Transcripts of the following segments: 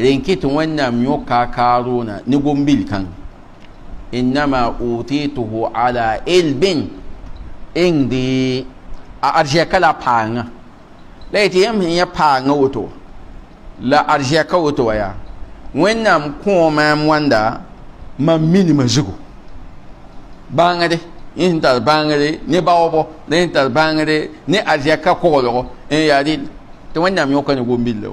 renkiti wannan yo ka karo na ni gombil kan innama utituhu ala ilbin indi a arje kala fanga la ite yam ya fanga woto la arje ka wato ya wannan ko wanda ma mini ma zugo bangare in ta bangare ne bawo ne ta bangare ne arje ka ko lo en ya to wannan yo kan gombil lo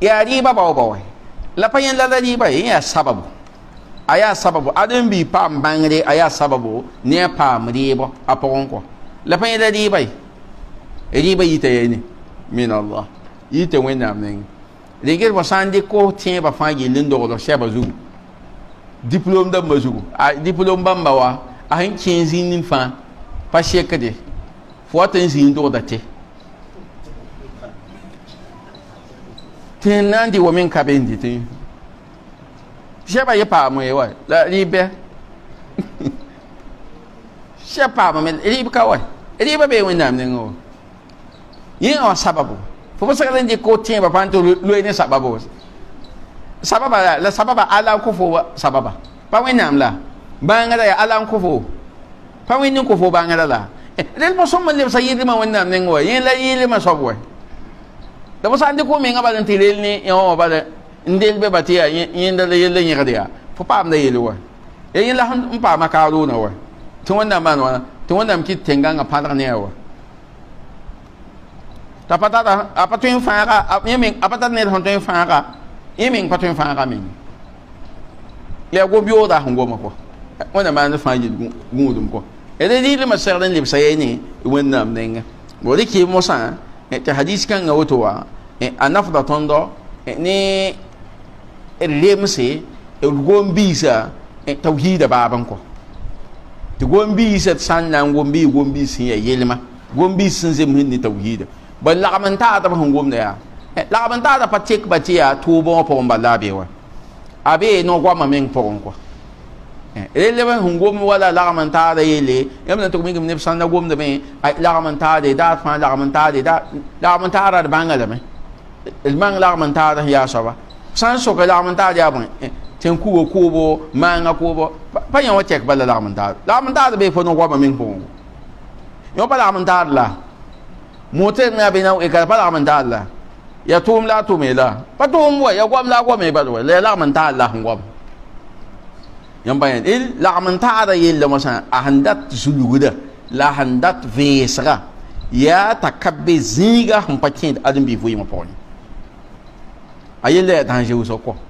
ya riba ba ba wai la pa yin la la riba eh, ya sababu aya sababu adin bi pam bangre aya sababu ne pam riba apon ko la pa yin la riba riba yita yin min Allah yi ta yita wenda men rigir ba sandi ko tin ba fa gilin do do sheba zu diplome da mazu a diplome bamba wa a hin kinzin nin fa pa shekade fo tin zin do da te tẽen na n dɩ wa me n ka beende tɩ sɛba yɩ paamẽ ye wa la rɩɩbɛ sɛ paamame rɩɩb ka wa rɩɩbã bee wẽnnaam nengẽ wa yẽ wã sababo fo fo segd n dɩk ko tẽebã pa n tɩ loe ne sababo sababa la la sababa ala n kõ fo sababa pa wẽnnaam la bãngda ya ala n kõ fo pa wẽnd n kõ fo bãngda la rel pa sõmb n lebsa yɩlmã wẽnnaam nengẽ wa yẽ la yɩlmã soab wa da ba san de ko me nga ba ntire ni yo ba de ndel be ba tiya yin da le le ni ga dia fo pa na yele wa e yin la han un pa ma ka ru na wa tun wanda ma na tun wanda mki tenga nga pa na ne wa ta pa ta ta a pa tun fa ga a mi mi a pa ta ne han tun fa ga yin mi pa tun fa ga mi le go bi o da hun go ma ko wanda ma na fa yi gu gu dum ko e de ni le ma sa ren le sa ye ni e wanda ma ne nga wo de ki mo sa Eh, ta hadisi kan ga wato wa eh, anafda tondo eh, ne remse gon bisa tauhida baban ko ti gombi bisa san nan gon bi sin ya yelma gombi bi sin zem ni tauhida bal laqman ta ta ban gon ya laqman ta ta patik batiya tubo po mbala bewa abe no gwa mamen po ko rele ba hun gom wala la man ta da yele yam na to mi gum ne san na gom da me ai la man ta da da fa la man ta da la man ta ra da banga da me el man la man ta da ya shaba san so ka la man ta da ban ten ku wo ku bo ma nga ku bo pa yan wa check ba la man ta la man ta da be fo no gom min ko yo pa la man ta la motel na be na e ka pa la man ta la ya tum la tum la pa tum wa ya gom la gom e ba la la man ta la gom yang banyak il la menta ada il la masa ahandat suluguda la handat vesra ya takabe zinga hampakin adam bi vuyi mapon ayel la tanje usoko